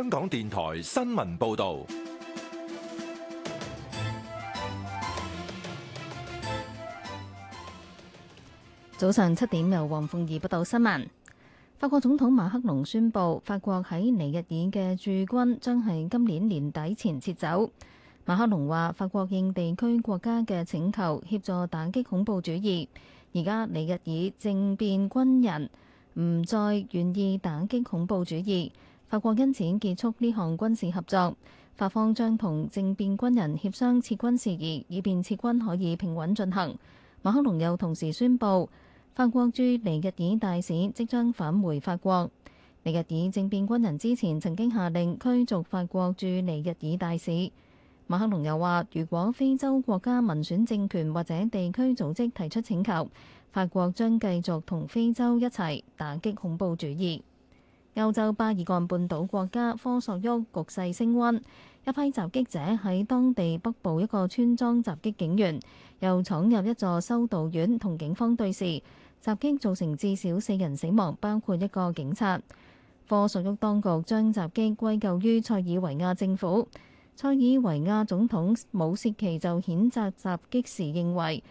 香港電台新聞報道，早上七點由黃鳳儀報道新聞。法國總統馬克龍宣布，法國喺尼日爾嘅駐軍將喺今年年底前撤走。馬克龍話，法國應地區國家嘅請求，協助打擊恐怖主義。而家尼日爾政變軍人唔再願意打擊恐怖主義。法國因此結束呢項軍事合作，法方將同政變軍人協商撤軍事宜，以便撤軍可以平穩進行。馬克龍又同時宣布，法國駐尼日爾大使即將返回法國。尼日爾政變軍人之前曾經下令驅逐法國駐尼日爾大使。馬克龍又話，如果非洲國家民選政權或者地區組織提出請求，法國將繼續同非洲一齊打擊恐怖主義。歐洲巴爾幹半島國家科索沃局勢升温，一批襲擊者喺當地北部一個村莊襲擊警員，又闖入一座修道院同警方對峙，襲擊造成至少四人死亡，包括一個警察。科索沃當局將襲擊歸咎於塞爾維亞政府。塞爾維亞總統武契奇就譴責襲擊時認為，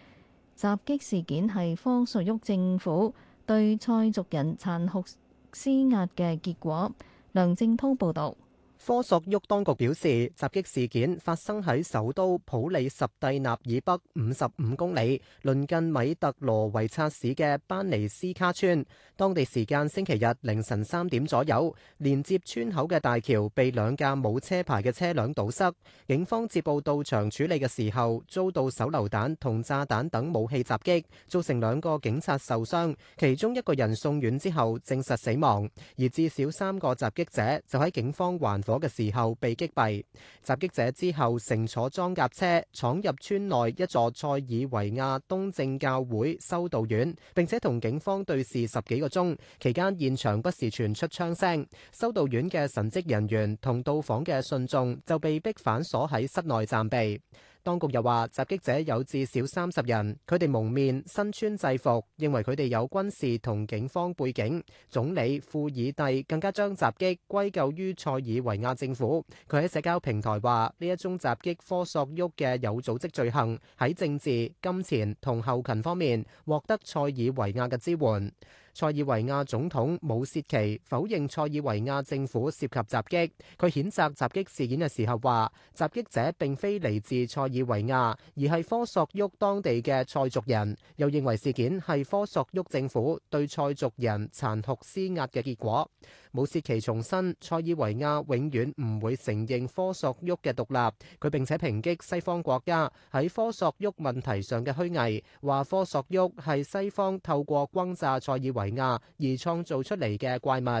襲擊事件係科索沃政府對塞族人殘酷施壓嘅結果，梁正通報導。科索沃當局表示，襲擊事件發生喺首都普里什蒂納以北五十五公里，鄰近米特羅維察市嘅班尼斯卡村。當地時間星期日凌晨三點左右，連接村口嘅大橋被兩架冇車牌嘅車輛堵塞。警方接報到場處理嘅時候，遭到手榴彈同炸彈等武器襲擊，造成兩個警察受傷，其中一個人送院之後證實死亡。而至少三個襲擊者就喺警方環。嗰嘅時候被擊斃。襲擊者之後乘坐裝甲車闖入村內一座塞爾維亞東正教會修道院，並且同警方對峙十幾個鐘。期間現場不時傳出槍聲。修道院嘅神職人員同到訪嘅信眾就被逼反鎖喺室內暫避。當局又話，襲擊者有至少三十人，佢哋蒙面、身穿制服，認為佢哋有軍事同警方背景。總理庫爾蒂更加將襲擊歸咎於塞爾維亞政府。佢喺社交平台話，呢一宗襲擊科索沃嘅有組織罪行，喺政治、金錢同後勤方面獲得塞爾維亞嘅支援。塞爾維亞總統武切奇否認塞爾維亞政府涉及襲擊，佢譴責襲擊事件嘅時候話，襲擊者並非嚟自塞爾維亞，而係科索沃當地嘅塞族人，又認為事件係科索沃政府對塞族人殘酷施壓嘅結果。武契奇重申，塞爾維亞永遠唔會承認科索沃嘅獨立。佢並且抨擊西方國家喺科索沃問題上嘅虛偽，話科索沃係西方透過轟炸塞爾維亞而創造出嚟嘅怪物。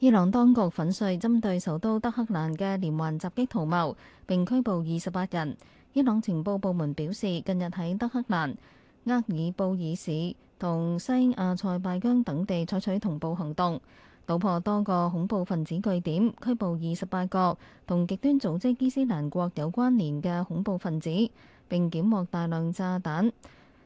伊朗當局粉碎針對首都德黑蘭嘅連環襲擊圖謀，並拘捕二十八人。伊朗情報部門表示，近日喺德黑蘭、厄爾布爾市同西亞塞拜疆等地採取同步行動，搗破多個恐怖分子據點，拘捕二十八個同極端組織伊斯蘭國有關連嘅恐怖分子，並檢獲大量炸彈、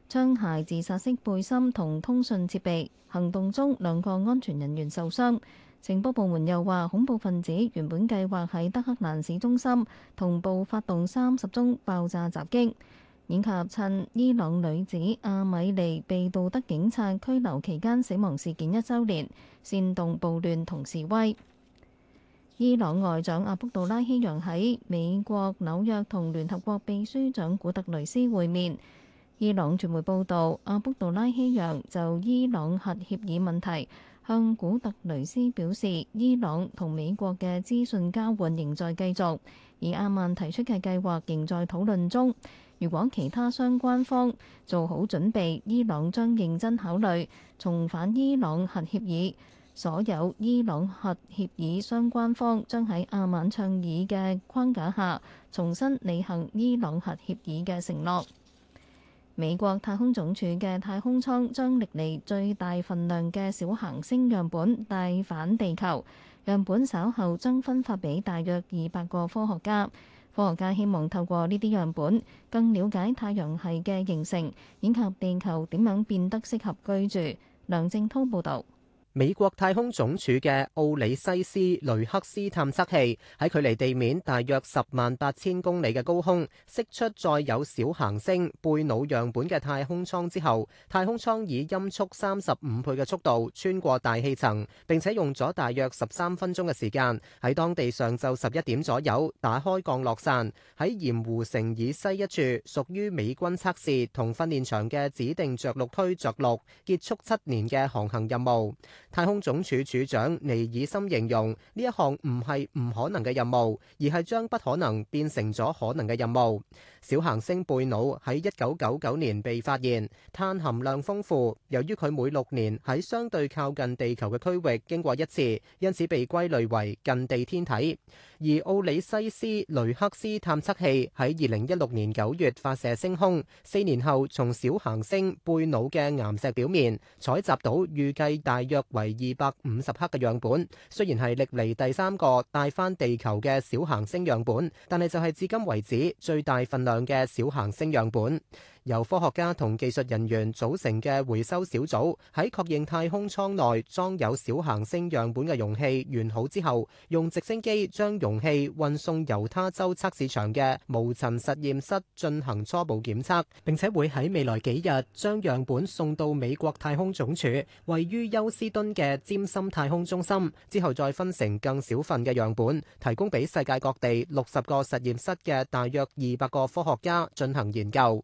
槍械、自殺式背心同通訊設備。行動中，兩個安全人員受傷。情報部門又話，恐怖分子原本計劃喺德黑蘭市中心同步發動三十宗爆炸襲擊，以及趁伊朗女子阿米尼被道德警察拘留期間死亡事件一週年煽動暴亂同示威。伊朗外長阿卜杜拉希揚喺美國紐約同聯合國秘書長古特雷斯會面。伊朗傳媒報導，阿卜杜拉希揚就伊朗核協議問題。向古特雷斯表示，伊朗同美國嘅資訊交換仍在繼續，而阿曼提出嘅計劃仍在討論中。如果其他相關方做好準備，伊朗將認真考慮重返伊朗核協議，所有伊朗核協議相關方將喺阿曼倡議嘅框架下，重新履行伊朗核協議嘅承諾。美國太空總署嘅太空艙將歷嚟最大份量嘅小行星樣本帶返地球，樣本稍後將分發俾大約二百個科學家。科學家希望透過呢啲樣本，更了解太陽系嘅形成，以及地球點樣變得適合居住。梁正滔報導。美國太空總署嘅奧里西斯雷克斯探測器喺距離地面大約十萬八千公里嘅高空釋出載有小行星貝努樣本嘅太空艙之後，太空艙以音速三十五倍嘅速度穿過大氣層，並且用咗大約十三分鐘嘅時間，喺當地上晝十一點左右打開降落傘，喺鹽湖城以西一處屬於美軍測試同訓練場嘅指定着陸區着陸，結束七年嘅航行任務。太空總署署長尼爾森形容呢一項唔係唔可能嘅任務，而係將不可能變成咗可能嘅任務。小行星貝努喺一九九九年被發現，碳含量豐富，由於佢每六年喺相對靠近地球嘅區域經過一次，因此被歸類為近地天體。而奧里西斯雷克斯探測器喺二零一六年九月發射升空，四年後從小行星貝努嘅岩石表面採集到預計大約為係二百五十克嘅樣本，雖然係歷嚟第三個帶翻地球嘅小行星樣本，但係就係至今為止最大份量嘅小行星樣本。由科學家同技術人員組成嘅回收小組喺確認太空艙內裝有小行星樣本嘅容器完好之後，用直升機將容器運送猶他州測試場嘅無塵實驗室進行初步檢測，並且會喺未來幾日將樣本送到美國太空總署位於休斯敦嘅詹森太空中心，之後再分成更小份嘅樣本提供俾世界各地六十個實驗室嘅大約二百個科學家進行研究。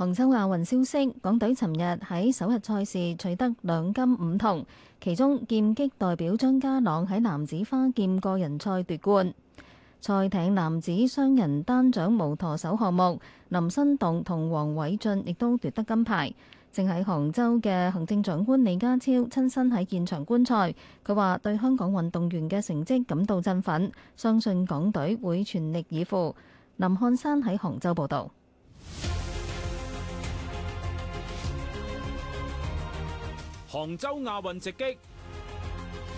杭州亞運消息，港隊尋日喺首日賽事取得兩金五銅，其中劍擊代表張家朗喺男子花劍個人賽奪冠，賽艇男子雙人單槳無舵手項目，林新棟同黃偉俊亦都奪得金牌。正喺杭州嘅行政長官李家超親身喺現場觀賽，佢話對香港運動員嘅成績感到振奮，相信港隊會全力以赴。林漢山喺杭州報道。杭州亞運直擊。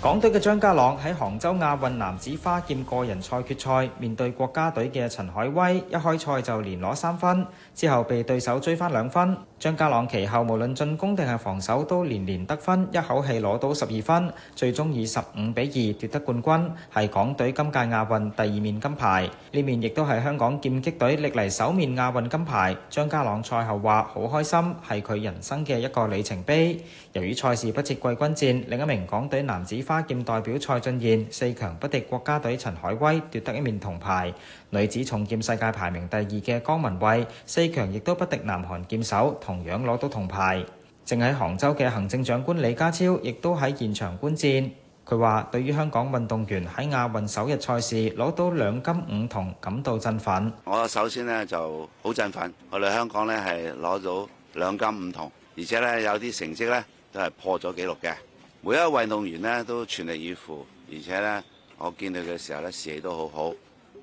港隊嘅張家朗喺杭州亞運男子花劍個人賽決賽面對國家隊嘅陳海威，一開賽就連攞三分，之後被對手追翻兩分。張家朗其後無論進攻定係防守都連連得分，一口氣攞到十二分，最終以十五比二奪得冠軍，係港隊今屆亞運第二面金牌，呢面亦都係香港劍擊隊歷嚟，首面亞運金牌。張家朗賽後話好開心，係佢人生嘅一個里程碑。由於賽事不設季軍戰，另一名港隊男子花劍代表蔡俊彥四強不敵國家隊陳海威，奪得一面銅牌。女子重劍世界排名第二嘅江文蔚四強亦都不敵南韓劍手，同樣攞到銅牌。正喺杭州嘅行政長官李家超亦都喺現場觀戰。佢話：對於香港運動員喺亞運首日賽事攞到兩金五銅，感到振奮。我首先呢就好振奮，我哋香港呢係攞到兩金五銅，而且呢有啲成績呢都係破咗紀錄嘅。每一位運動員咧都全力以赴，而且咧我見到佢嘅時候咧士氣都好好，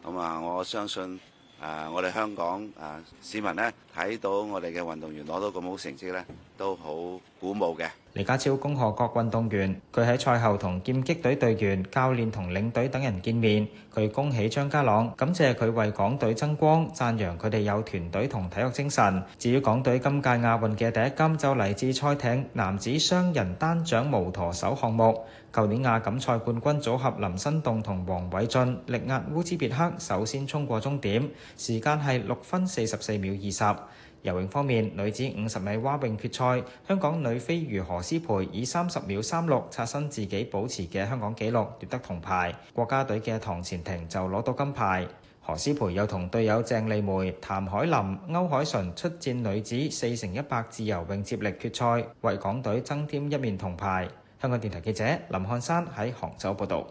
咁啊我相信誒、呃、我哋香港誒、呃、市民咧睇到我哋嘅運動員攞到咁好的成績咧，都好鼓舞嘅。李家超恭賀各運動員，佢喺賽後同劍擊隊隊員、教練同領隊等人見面，佢恭喜張家朗，感謝佢為港隊爭光，讚揚佢哋有團隊同體育精神。至於港隊今屆亞運嘅第一金就嚟自賽艇男子雙人單槳無舵手項目，舊年亞錦賽冠軍組合林新棟同黃偉俊力壓烏茲別克，首先衝過終點，時間係六分四十四秒二十。游泳方面，女子五十米蛙泳決賽，香港女飛魚何思培以三十秒三六刷新自己保持嘅香港紀錄奪得銅牌。國家隊嘅唐前婷就攞到金牌。何思培又同隊友鄭麗梅、譚海琳、歐海純出戰女子四乘一百自由泳接力決賽，為港隊增添一面銅牌。香港電台記者林漢山喺杭州報道。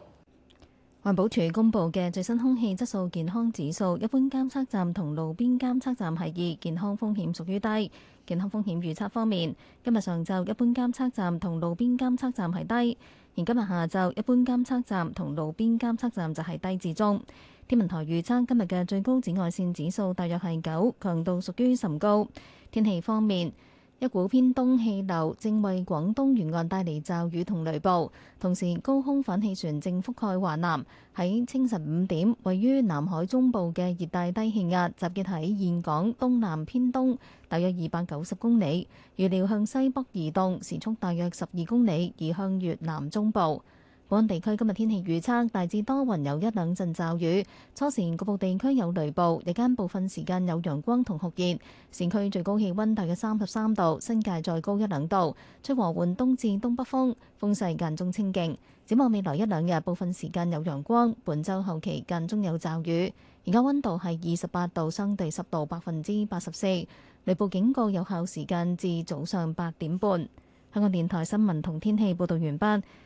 環保署公布嘅最新空氣質素健康指數，一般監測站同路邊監測站係二，健康風險屬於低。健康風險預測方面，今日上晝一般監測站同路邊監測站係低，而今日下晝一般監測站同路邊監測站就係低至中。天文台預測今日嘅最高紫外線指數大約係九，強度屬於甚高。天氣方面。一股偏東氣流正為廣東沿岸帶嚟驟雨同雷暴，同時高空反氣旋正覆蓋華南。喺清晨五點，位於南海中部嘅熱帶低氣壓集結喺香港東南偏東，大約二百九十公里，預料向西北移動，時速大約十二公里，移向越南中部。本港地區今日天氣預測，大致多雲，有一兩陣驟雨。初時局部地區有雷暴，日間部分時間有陽光同酷熱，市區最高氣溫大約三十三度，新界再高一兩度。吹和緩東至東北風，風勢間中清勁，展望未來一兩日，部分時間有陽光，本周後期間中有驟雨。而家温度係二十八度，相對濕度，百分之八十四。雷暴警告有效時間至早上八點半。香港電台新聞同天氣報道完畢。